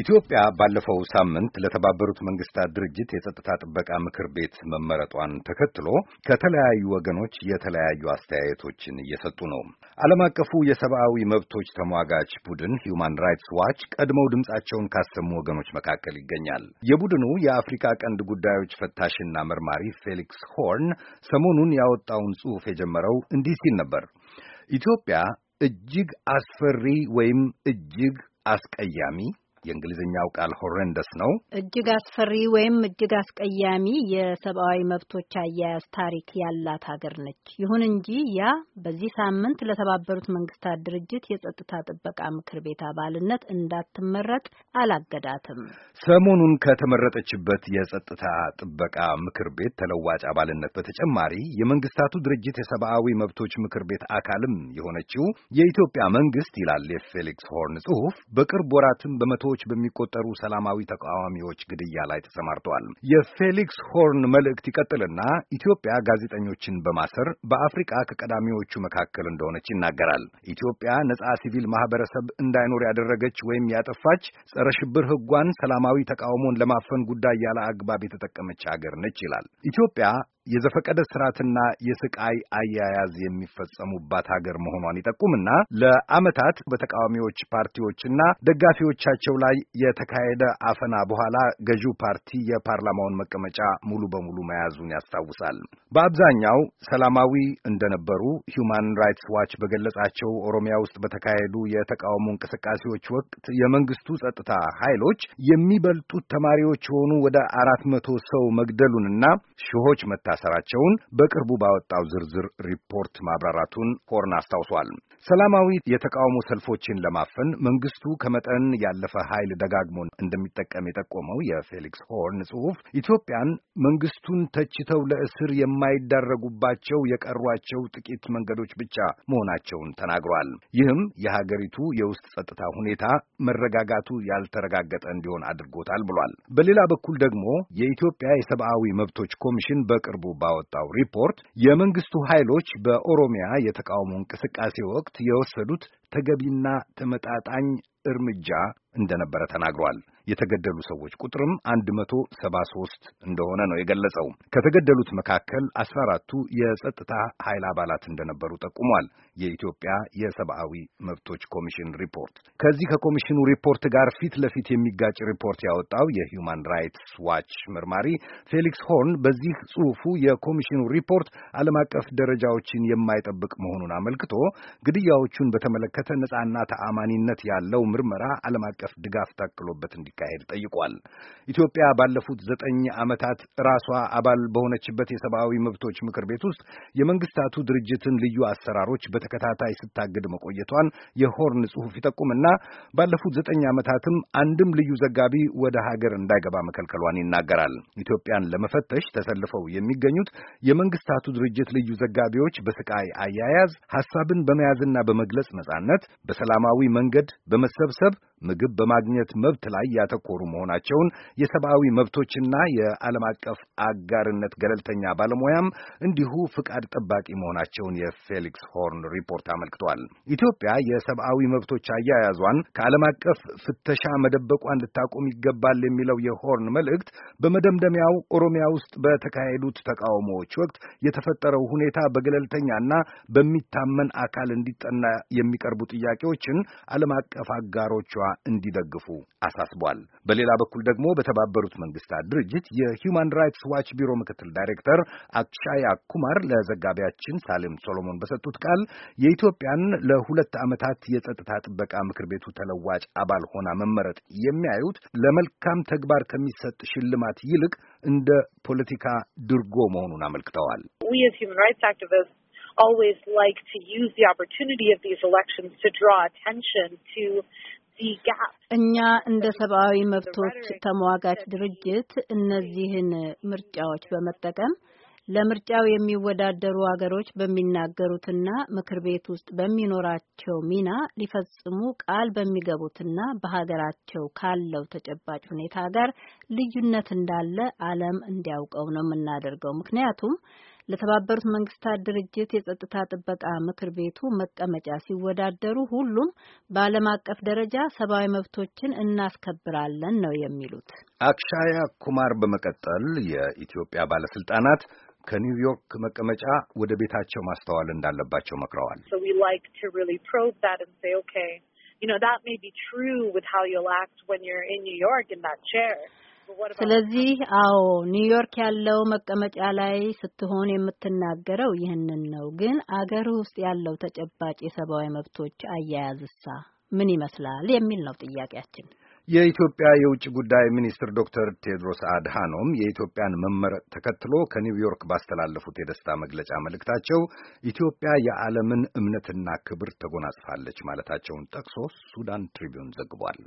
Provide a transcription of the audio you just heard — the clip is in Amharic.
ኢትዮጵያ ባለፈው ሳምንት ለተባበሩት መንግስታት ድርጅት የጸጥታ ጥበቃ ምክር ቤት መመረጧን ተከትሎ ከተለያዩ ወገኖች የተለያዩ አስተያየቶችን እየሰጡ ነው። ዓለም አቀፉ የሰብአዊ መብቶች ተሟጋች ቡድን ሂውማን ራይትስ ዋች ቀድመው ድምፃቸውን ካሰሙ ወገኖች መካከል ይገኛል። የቡድኑ የአፍሪካ ቀንድ ጉዳዮች ፈታሽና መርማሪ ፌሊክስ ሆርን ሰሞኑን ያወጣውን ጽሑፍ የጀመረው እንዲህ ሲል ነበር። ኢትዮጵያ እጅግ አስፈሪ ወይም እጅግ አስቀያሚ የእንግሊዝኛው ቃል ሆሬንደስ ነው። እጅግ አስፈሪ ወይም እጅግ አስቀያሚ የሰብአዊ መብቶች አያያዝ ታሪክ ያላት ሀገር ነች። ይሁን እንጂ ያ በዚህ ሳምንት ለተባበሩት መንግስታት ድርጅት የጸጥታ ጥበቃ ምክር ቤት አባልነት እንዳትመረጥ አላገዳትም። ሰሞኑን ከተመረጠችበት የጸጥታ ጥበቃ ምክር ቤት ተለዋጭ አባልነት በተጨማሪ የመንግስታቱ ድርጅት የሰብአዊ መብቶች ምክር ቤት አካልም የሆነችው የኢትዮጵያ መንግስት ይላል የፌሊክስ ሆርን ጽሁፍ በቅርብ ወራትም በመቶ በመቶዎች በሚቆጠሩ ሰላማዊ ተቃዋሚዎች ግድያ ላይ ተሰማርተዋል። የፌሊክስ ሆርን መልእክት ይቀጥልና ኢትዮጵያ ጋዜጠኞችን በማሰር በአፍሪቃ ከቀዳሚዎቹ መካከል እንደሆነች ይናገራል። ኢትዮጵያ ነጻ ሲቪል ማህበረሰብ እንዳይኖር ያደረገች ወይም ያጠፋች፣ ጸረ ሽብር ህጓን ሰላማዊ ተቃውሞን ለማፈን ጉዳይ ያለ አግባብ የተጠቀመች ሀገር ነች ይላል። ኢትዮጵያ የዘፈቀደ ስርዓትና የስቃይ አያያዝ የሚፈጸሙባት ሀገር መሆኗን ይጠቁምና ለአመታት በተቃዋሚዎች ፓርቲዎችና ደጋፊዎቻቸው ላይ የተካሄደ አፈና በኋላ ገዢው ፓርቲ የፓርላማውን መቀመጫ ሙሉ በሙሉ መያዙን ያስታውሳል። በአብዛኛው ሰላማዊ እንደነበሩ ሂውማን ራይትስ ዋች በገለጻቸው ኦሮሚያ ውስጥ በተካሄዱ የተቃውሞ እንቅስቃሴዎች ወቅት የመንግስቱ ጸጥታ ኃይሎች የሚበልጡት ተማሪዎች የሆኑ ወደ አራት መቶ ሰው መግደሉንና ሺዎች መታ መታሰራቸውን በቅርቡ ባወጣው ዝርዝር ሪፖርት ማብራራቱን ሆርን አስታውሷል። ሰላማዊ የተቃውሞ ሰልፎችን ለማፈን መንግስቱ ከመጠን ያለፈ ኃይል ደጋግሞ እንደሚጠቀም የጠቆመው የፌሊክስ ሆርን ጽሑፍ ኢትዮጵያን መንግስቱን ተችተው ለእስር የማይዳረጉባቸው የቀሯቸው ጥቂት መንገዶች ብቻ መሆናቸውን ተናግሯል። ይህም የሀገሪቱ የውስጥ ጸጥታ ሁኔታ መረጋጋቱ ያልተረጋገጠ እንዲሆን አድርጎታል ብሏል። በሌላ በኩል ደግሞ የኢትዮጵያ የሰብአዊ መብቶች ኮሚሽን በቅርቡ በቅርቡ ባወጣው ሪፖርት የመንግስቱ ኃይሎች በኦሮሚያ የተቃውሞ እንቅስቃሴ ወቅት የወሰዱት ተገቢና ተመጣጣኝ እርምጃ እንደነበረ ተናግሯል። የተገደሉ ሰዎች ቁጥርም 173 እንደሆነ ነው የገለጸው። ከተገደሉት መካከል 14ቱ የጸጥታ ኃይል አባላት እንደነበሩ ጠቁሟል። የኢትዮጵያ የሰብአዊ መብቶች ኮሚሽን ሪፖርት ከዚህ ከኮሚሽኑ ሪፖርት ጋር ፊት ለፊት የሚጋጭ ሪፖርት ያወጣው የሂዩማን ራይትስ ዋች መርማሪ ፌሊክስ ሆርን በዚህ ጽሑፉ የኮሚሽኑ ሪፖርት ዓለም አቀፍ ደረጃዎችን የማይጠብቅ መሆኑን አመልክቶ ግድያዎቹን በተመለከተ ነጻና ተአማኒነት ያለው ምርመራ ዓለም አቀፍ ድጋፍ ታክሎበት እንዲ እንዲካሄድ ጠይቋል። ኢትዮጵያ ባለፉት ዘጠኝ ዓመታት ራሷ አባል በሆነችበት የሰብአዊ መብቶች ምክር ቤት ውስጥ የመንግስታቱ ድርጅትን ልዩ አሰራሮች በተከታታይ ስታግድ መቆየቷን የሆርን ጽሑፍ ይጠቁምና ባለፉት ዘጠኝ ዓመታትም አንድም ልዩ ዘጋቢ ወደ ሀገር እንዳይገባ መከልከሏን ይናገራል። ኢትዮጵያን ለመፈተሽ ተሰልፈው የሚገኙት የመንግስታቱ ድርጅት ልዩ ዘጋቢዎች በስቃይ አያያዝ፣ ሀሳብን በመያዝና በመግለጽ ነጻነት፣ በሰላማዊ መንገድ በመሰብሰብ ምግብ በማግኘት መብት ላይ ያተኮሩ መሆናቸውን የሰብአዊ መብቶችና የዓለም አቀፍ አጋርነት ገለልተኛ ባለሙያም እንዲሁ ፍቃድ ጠባቂ መሆናቸውን የፌሊክስ ሆርን ሪፖርት አመልክቷል። ኢትዮጵያ የሰብአዊ መብቶች አያያዟን ከዓለም አቀፍ ፍተሻ መደበቋን ልታቆም ይገባል የሚለው የሆርን መልእክት በመደምደሚያው ኦሮሚያ ውስጥ በተካሄዱት ተቃውሞዎች ወቅት የተፈጠረው ሁኔታ በገለልተኛና በሚታመን አካል እንዲጠና የሚቀርቡ ጥያቄዎችን ዓለም አቀፍ አጋሮቿ እንዲደግፉ አሳስቧል። አሳስቧል። በሌላ በኩል ደግሞ በተባበሩት መንግስታት ድርጅት የሂውማን ራይትስ ዋች ቢሮ ምክትል ዳይሬክተር አክሻያ ኩማር ለዘጋቢያችን ሳሌም ሶሎሞን በሰጡት ቃል የኢትዮጵያን ለሁለት ዓመታት የጸጥታ ጥበቃ ምክር ቤቱ ተለዋጭ አባል ሆና መመረጥ የሚያዩት ለመልካም ተግባር ከሚሰጥ ሽልማት ይልቅ እንደ ፖለቲካ ድርጎ መሆኑን አመልክተዋል። always like to use the opportunity of these elections to draw attention to እኛ እንደ ሰብአዊ መብቶች ተሟጋች ድርጅት እነዚህን ምርጫዎች በመጠቀም ለምርጫው የሚወዳደሩ ሀገሮች በሚናገሩትና ምክር ቤት ውስጥ በሚኖራቸው ሚና ሊፈጽሙ ቃል በሚገቡትና በሀገራቸው ካለው ተጨባጭ ሁኔታ ጋር ልዩነት እንዳለ ዓለም እንዲያውቀው ነው የምናደርገው። ምክንያቱም ለተባበሩት መንግስታት ድርጅት የጸጥታ ጥበቃ ምክር ቤቱ መቀመጫ ሲወዳደሩ ሁሉም በዓለም አቀፍ ደረጃ ሰብአዊ መብቶችን እናስከብራለን ነው የሚሉት። አክሻያ ኩማር በመቀጠል የኢትዮጵያ ባለስልጣናት ከኒውዮርክ መቀመጫ ወደ ቤታቸው ማስተዋል እንዳለባቸው መክረዋል። ስለዚህ አዎ ኒውዮርክ ያለው መቀመጫ ላይ ስትሆን የምትናገረው ይህንን ነው። ግን አገር ውስጥ ያለው ተጨባጭ የሰብአዊ መብቶች አያያዝሳ ምን ይመስላል የሚል ነው ጥያቄያችን። የኢትዮጵያ የውጭ ጉዳይ ሚኒስትር ዶክተር ቴድሮስ አድሃኖም የኢትዮጵያን መመረጥ ተከትሎ ከኒውዮርክ ባስተላለፉት የደስታ መግለጫ መልእክታቸው ኢትዮጵያ የዓለምን እምነትና ክብር ተጎናጽፋለች ማለታቸውን ጠቅሶ ሱዳን ትሪቢዩን ዘግቧል።